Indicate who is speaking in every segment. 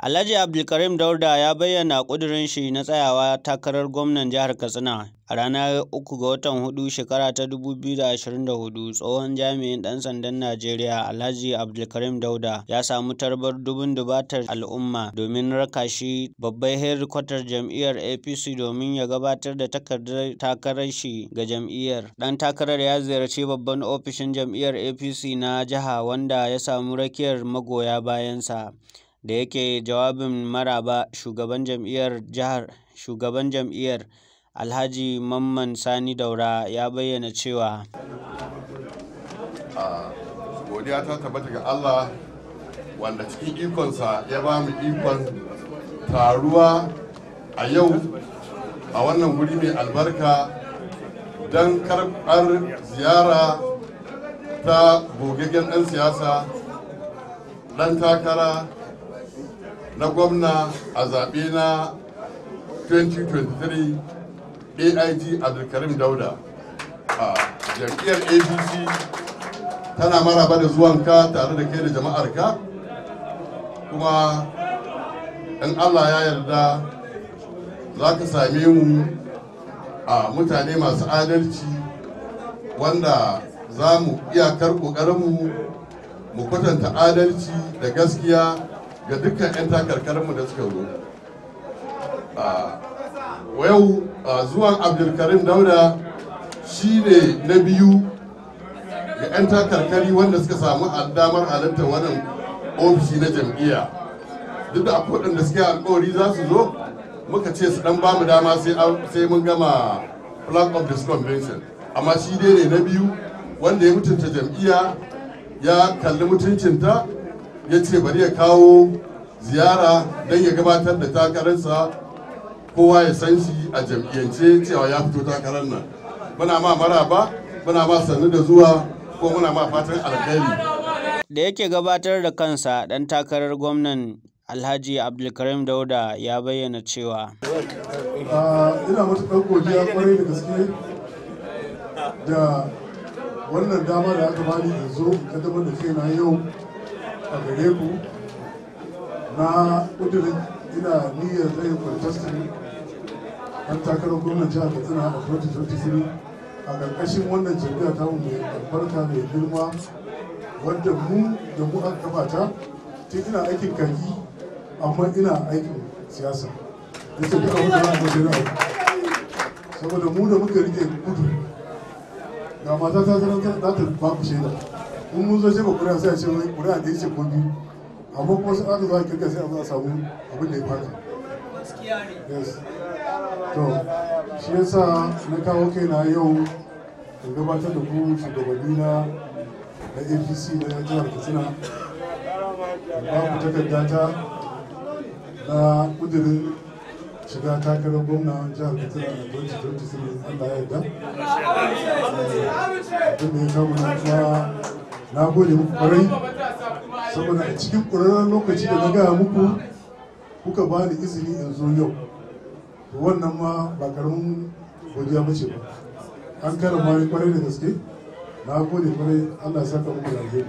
Speaker 1: Alhaji Abdulkarim Dauda ya bayyana ƙudurin shi na tsayawa takarar gwamnan jihar Katsina a ranar 3 ga watan 4 shekara ta 2024 tsohon jami'in ɗan sandan Najeriya Alhaji Abdulkarim Dauda ya samu tarbar dubun dubatar al'umma domin raka shi babbar hedikwatar jam'iyyar APC domin ya gabatar da takardar takarar shi ga jam'iyyar. Ɗan takarar ya ziyarci babban ofishin jam'iyyar APC na jiha wanda ya samu rakiyar magoya bayansa. da yake jawabin maraba shugaban jam'iyyar jihar shugaban jam'iyyar alhaji mamman sani daura ya bayyana cewa
Speaker 2: godiya ta tabbata ga allah wanda
Speaker 1: cikin ikonsa ya
Speaker 2: ba mu ikon taruwa a yau a wannan wuri mai albarka don karɓar ziyara ta gogaggen ɗan siyasa ɗan takara na gwamna a zaɓe na 2023 aig abdulkarim dauda a jam'iyyar abc tana maraba da zuwanka tare da kai da jama'arka kuma in allah ya yarda za ka same mu a mutane masu adalci wanda za mu iyakar ƙoƙarinmu mu kwatanta adalci da gaskiya ga dukkan 'yan takarkarinmu da suka zo yau zuwan abdulkarim dauda shi ne na biyu ga 'yan takarkari wanda suka samu damar halartar wannan ofishi na jam'iyya duk da akwai da suke alkawari za su zo muka ce su dan bamu dama sai mun gama flag of this convention amma shi dai ne na biyu wanda ya mutunta jam'iyya ya kalli mutuncinta ya ce bari ya kawo ziyara don ya gabatar da takararsa kowa ya san shi a jam'iyyance cewa ya fito takarar nan muna ma maraba muna ma sannu da zuwa ko muna ma
Speaker 1: fatan alkhairi da yake gabatar da kansa dan takarar gwamnan alhaji abdulkarim dauda ya bayyana cewa
Speaker 3: ah, ina matuƙar godiya kwarai da gaske da wannan dama da aka bani yanzu ka da kaina yau a gare ku na kudurin ina niyyar zai protestin an takarar gwamnan jihar katsina a 2023 a ƙarƙashin wannan jam'iyyar ta mai albarka mai girma wanda mu da mu an kamata tun ina aikin kaki amma ina aikin siyasa da su duk abin da za a mace saboda mu da muka rike gudu ga mata ta zarar za ta babu shaida kun mun zo sai ba kuri'a sai a ce da ya ce ko biyu amma kuma sai aka zo a kirka sai a samu abin da ya fata yes to shi yasa na kawo kai na yau in gabatar da ku shugabanni na na apc na jihar katsina ba ku takarda ta na kudirin shiga takarar gwamna jihar katsina na a 2023 allah ya yarda eh, abin da ya kamu na kuma na gode muku kwarai saboda a cikin kwararren lokaci da na gaya muku kuka ba ni izini in zo yau wannan ma ba karamin godiya mace ba an kara mani kwarai da gaske na gode kwarai allah saka muku lafiya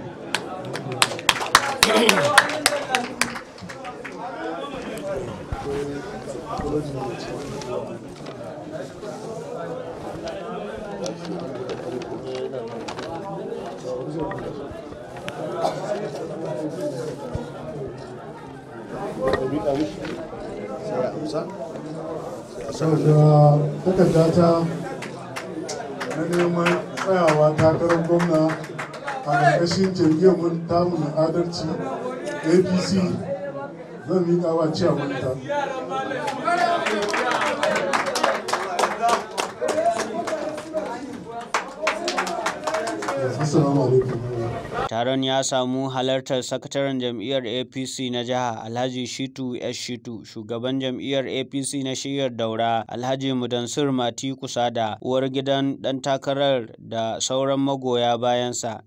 Speaker 3: miƙa mushi a ta na neman tsayawa takarar gwamna a ƙarƙashin jam'iyyar mun tamu na adalci apc zan miƙa wa ciyaman ta
Speaker 1: Taron ya samu halartar sakataren jam'iyyar APC na jiha Alhaji Shitu S. Shitu, shugaban jam'iyyar APC na shiyar Daura Alhaji Mudansir Mati Kusada, uwar gidan ɗan takarar da sauran magoya bayansa.